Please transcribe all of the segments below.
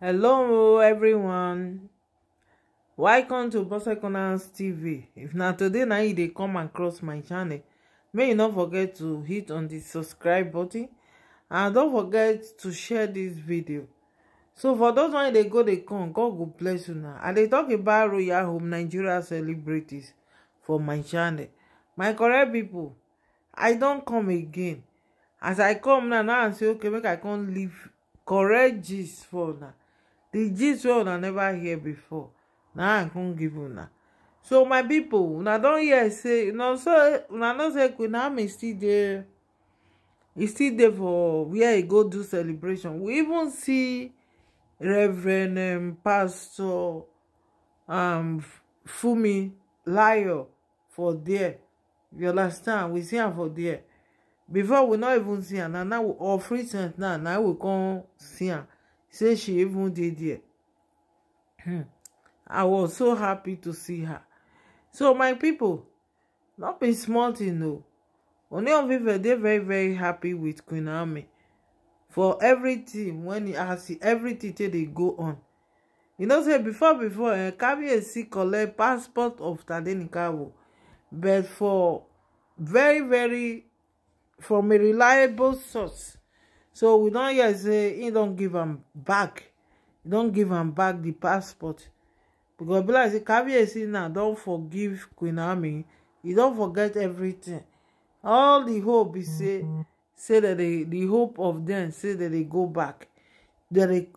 hello everyone welcome to Bose Corners tv if not today now you dey come across my channel may you not forget to hit on the subscribe button and don't forget to share this video so for those one they go they come god go bless you now And they talk about royal home nigeria celebrities for my channel my correct people. i don't come again as i come now now i say okay make i can't leave correct this for now the gist wey una never hear before na i come give una so my people, una don hear say una know say queen army still dey e still dey for where e go do celebration we even see reverend um, pastor Um fumi layo for there you understand we see am for there before we no even see am na now of recent now na we come see am say she even did there hmm. i was so happy to see her so my people, not be small tin o oni of ife dey very very happy with queen Ami. for everything wen as everything tey dey go on you know say before before eh kabiyesi collect passport of tadenikawo but for very very from a reliable source so we don't hear say he don't give him back don't give him back the passport becos be like say kabiyesi now don't forgive queen naomi e don forget everything all the hope be say say that the hope of them say that they go back that they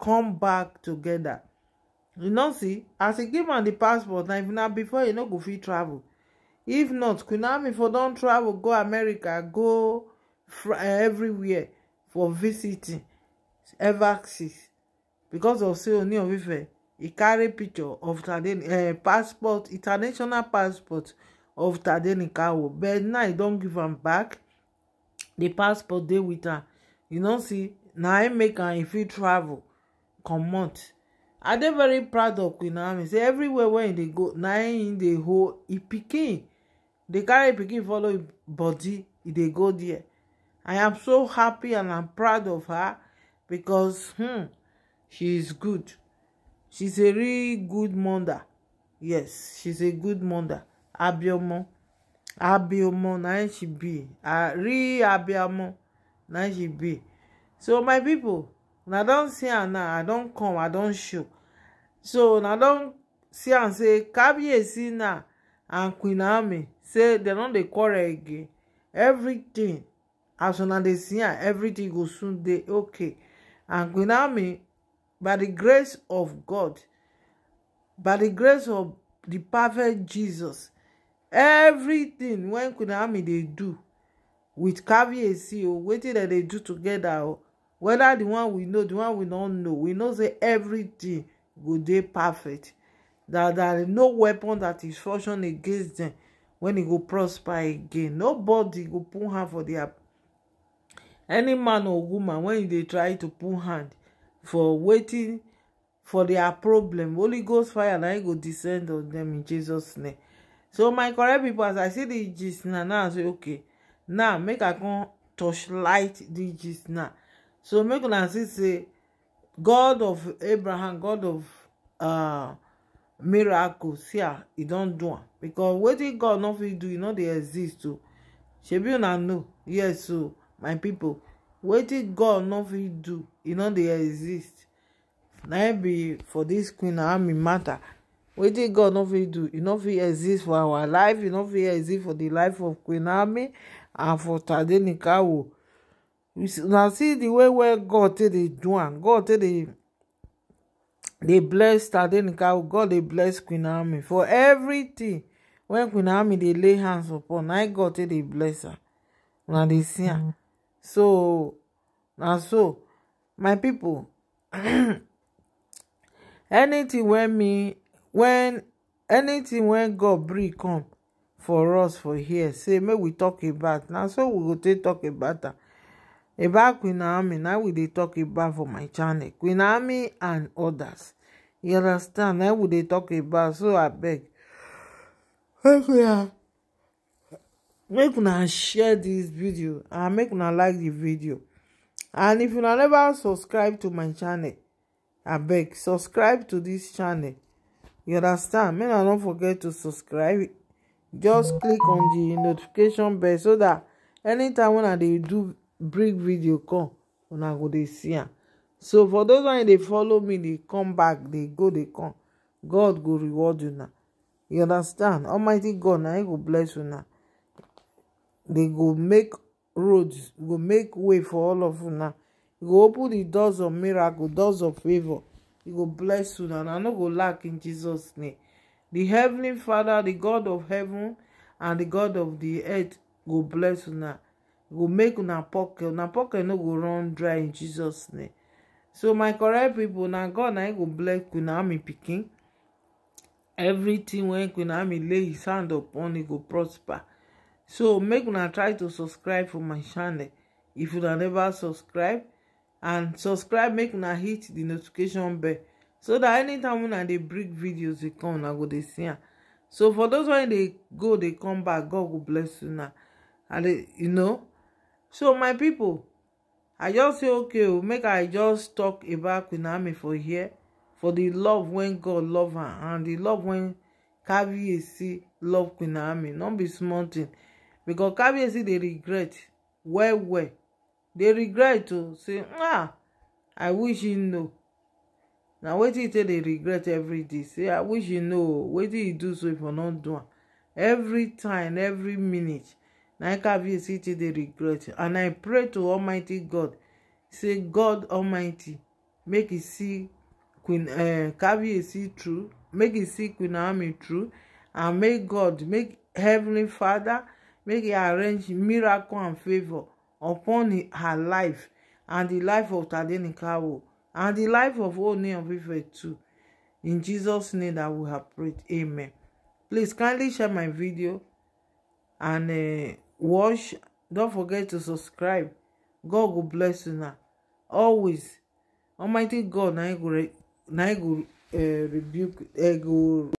come back together. you know see as he give him the passport now if na before e no go free travel if not Kunami for don't travel go america go everywhere for visiting embassies because of say Ooni of Ife carry picture of Tade uh, eh, passport international passport of Tade Nikawo but now e don give am back the passport dey with am you know see na im make am e fit travel comot i dey very proud of Queen Naomi say everywhere wey e dey go na im dey hold e pikin dey carry pikin follow e body e dey go there I am so happy and I'm proud of her because hmm, she is good. She's a really good mother. Yes, she's a good mother. Abiomo. Abiomo, na she be. A real Abiomo, na she be. So my people, una don't see am now, I don't come, I don't show. So una don't see and say Kabiyesi now and Queen Naomi say dem no dey quarrel again. Everything as una dey see am everything go soon dey okay and queen naomi by the grace of god by the grace of the perfect jesus everything wey queen naomi dey do with caviarcy o oh, wetin dem dey do together, o oh, whether the one we know the one we no know we know say everything go dey perfect that there no weapon that is fashioned against dem when e go prosper again nobody go put hand for dia any man or woman when e dey try to put hand for waiting for their problem holy ghost fire na e go descend on them in jesus name so my correct people, as i see the gist na now i say okay now make i come touch light di gist now so make una see say god of abraham god of uh, miracles see ah e don do am becos wetin god no fit do e no dey exist o shebi una know yes o my pipo wetin god no fit do e no dey exist na be for dis queen army matter wetin god no fit do e no fit exist for our life e no fit exist for the life of queen army and for tadenikawo na see the way wey god take dey do am god take dey dey bless tadenikawo god dey bless queen army for everything wey queen army dey lay hands upon na god take dey bless am una dey see am mm. so na so my pipo anytin wey me wen anything wey god bring come for us for here say make we tok about na so we go take tok about am about queen naomi na we dey tok about for my channel queen naomi and odas you understand na we dey tok about so abeg make una share this video and make una like the video and if una never subscribe to my channel I beg subscribe to this channel you understand make una don't forget to subscribe just click on the notification bell so dat anytime when i dey do bring video come una go dey see ya. so for those one they follow me they come back they go they come god go reward you una you understand almighty god na he go bless you una They go make roads go make way for all of una e go open the doors of miracle doors of favor. e go bless you and i no go lack in jesus name The heavenly father the god of heaven and the god of the earth go bless una go make una pocket una pocket no go run dry in jesus name so my correct people, na god na go bless queen army pikin everything wey queen army lay his hand upon e go prosper so make una try to subscribe for my channel if una never subscribe and subscribe make una hit the notification bell so that anytime una dey bring videos dey come una go dey see ya. so for those wey they go they come back god will bless una and you know so my people, i just say okay oh, make i just talk about queen ami for here for the love when god love her and the love wey caviar love queen ami Don't be small tin because kabiyesi dey regret well well dey regret to say ah i wish he know na wetin he take dey regret every day say i wish he know o wetin he do so he for no do am every time every minute na kabiyesi take dey regret and i pray to almighty god say god almighty make he see queen uh, eh, kabiyesi through make he see queen naomi through and make god make heavenly father make He arrange miracle and favor upon her life and the life of tadenikawo and the life of Ooni of Ife too in jesus name that we have prayed amen please kindly share my video and uh, watch don't forget to subscribe god will bless you now. always almighty god na e go uh, rebuke e go